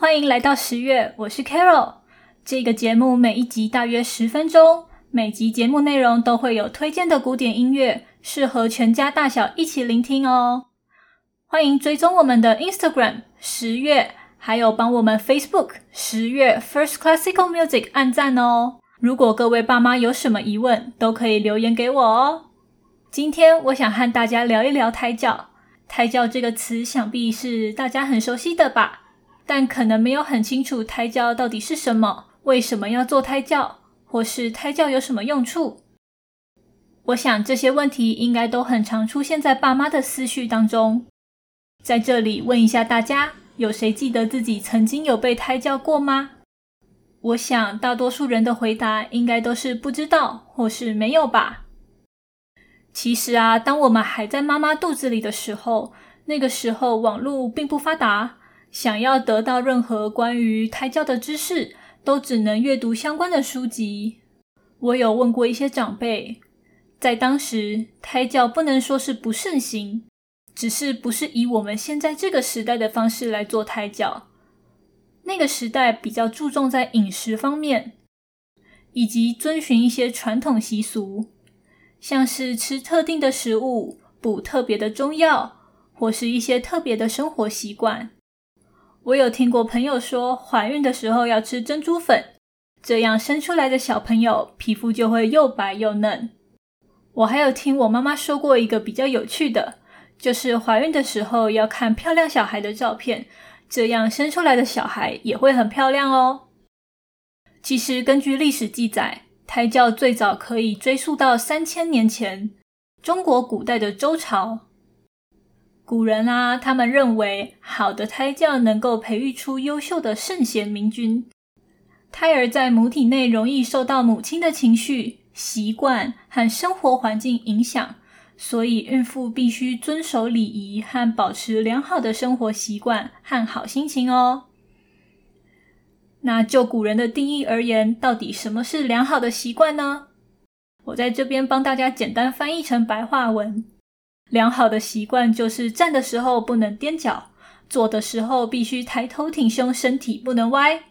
歡迎來到十月，我是 Carol。這個節目每一集大約十分鐘，每集節目內容都會有推薦的古典音樂，適合全家大小一起聆聽哦。歡迎追蹤我們的 Instagram 十月，還有幫我們 Facebook 十月 First Classical Music 按讚哦。如果各位爸媽有什麼疑問，都可以留言給我哦。今天我想和大家聊一聊胎教。胎教這個詞想必是大家很熟悉的吧？但可能沒有很清楚胎教到底是什麼，為什麼要做胎教，或是胎教有什麼用處？我想這些問題應該都很常出現在爸媽的思緒當中。在這裡問一下大家，有誰記得自己曾經有被胎教過嗎？我想大多數人的回答應該都是不知道或是沒有吧。其實啊，當我們還在媽媽肚子裡的時候，那個時候網絡並不發達。想要得到任何關於胎教的知識，都只能閱讀相關的書籍。我有問過一些長輩，在當時胎教不能說是不盛行，只是不是以我們現在這個時代的方式來做胎教。那個時代比較注重在飲食方面，以及遵循一些傳統習俗，像是吃特定的食物、補特別的中藥，或是一些特別的生活習慣。我有聽過朋友說，懷孕的時候要吃珍珠粉，這樣生出來的小朋友皮膚就會又白又嫩。我還有聽我媽媽說過一個比較有趣的，就是懷孕的時候要看漂亮小孩的照片，這樣生出來的小孩也會很漂亮哦。其實根據歷史記載，胎教最早可以追溯到三千年前，中國古代的周朝。古人啊，他們認為好的胎教能夠培育出優秀的聖賢明君。胎兒在母體內容易受到母親的情緒、習慣和生活環境影響，所以孕婦必須遵守禮儀和保持良好的生活習慣和好心情哦。那就古人的定義而言，到底什麼是良好的習慣呢？我在這邊幫大家簡單翻譯成白話文。良好的習慣就是站的時候不能踮腳，坐的時候必須抬頭挺胸，身體不能歪；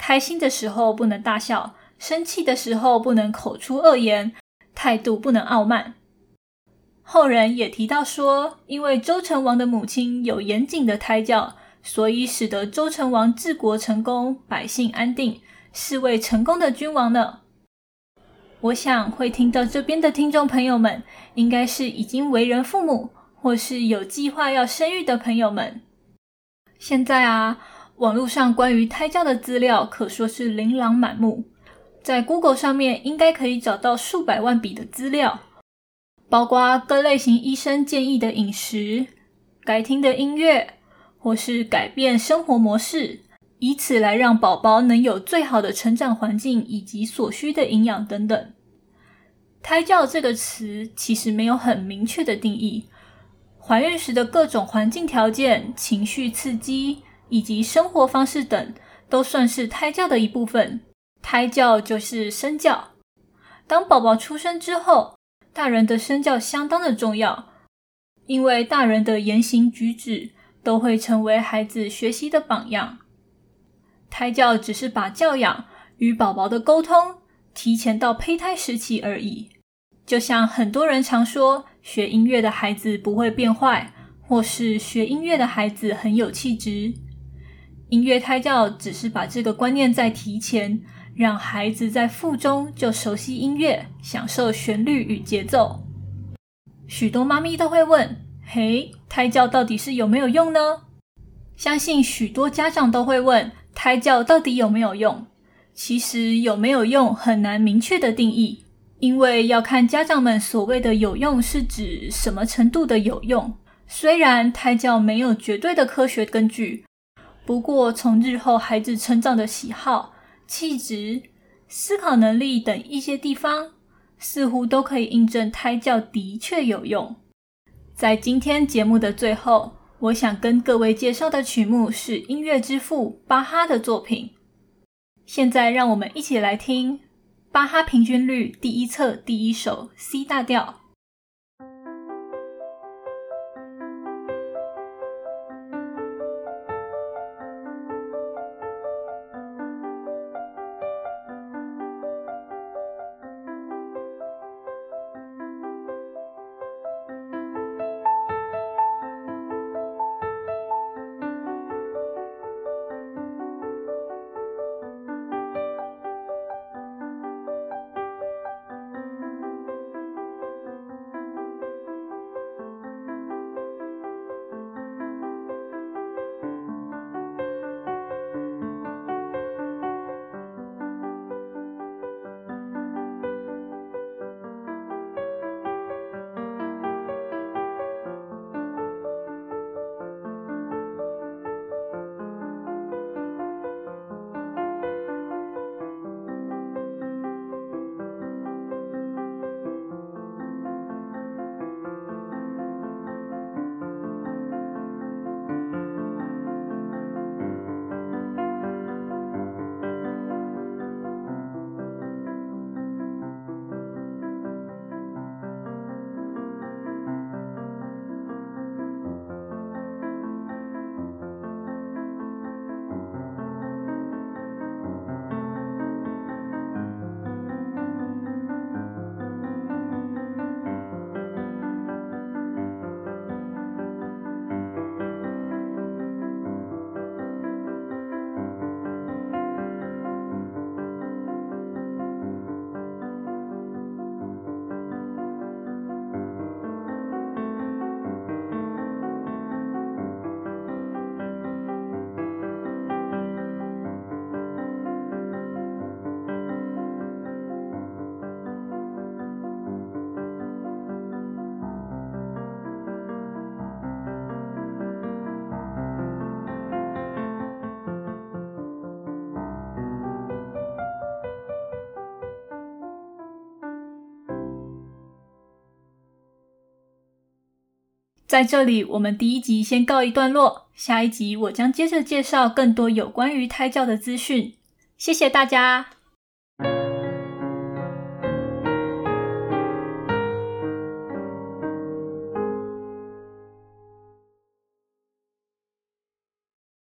開心的時候不能大笑，生氣的時候不能口出惡言，態度不能傲慢。後人也提到說，因為周成王的母親有嚴謹的胎教，所以使得周成王治國成功，百姓安定，是位成功的君王呢。我想會聽到這邊的聽眾朋友們，應該是已經為人父母或是有計劃要生育的朋友們。現在啊，網絡上關於胎教的資料可說是琳琅滿目，在 Google 上面應該可以找到數百萬筆的資料，包括各類型醫生建議的飲食、該聽的音樂，或是改變生活模式。以此來讓寶寶能有最好的成長環境以及所需的營養等等。胎教這個詞其實沒有很明確的定義，懷孕時的各種環境條件、情緒刺激以及生活方式等都算是胎教的一部分。胎教就是身教。當寶寶出生之後，大人的身教相當的重要，因為大人的言行舉止都會成為孩子學習的榜樣。胎教只是把教養與寶寶的溝通提前到胚胎時期而已，就像很多人常說，學音樂的孩子不會變壞，或是學音樂的孩子很有氣質。音樂胎教只是把這個觀念再提前，讓孩子在腹中就熟悉音樂，享受旋律與節奏。許多媽咪都會問，嘿，胎教到底是有沒有用呢？相信許多家長都會問。胎教到底有沒有用？其實有沒有用很難明確的定義，因為要看家長們所謂的有用是指什麼程度的有用。雖然胎教沒有絕對的科學根據，不過從日後孩子成長的喜好、氣質、思考能力等一些地方，似乎都可以印證胎教的確有用。在今天節目的最後，我想跟各位介紹的曲目是音樂之父巴哈的作品。現在讓我們一起來聽巴哈平均律第一冊第一首 C 大調。在這裡，我們第一集先告一段落。下一集我將接着介紹更多有關於胎教的資訊。謝謝大家。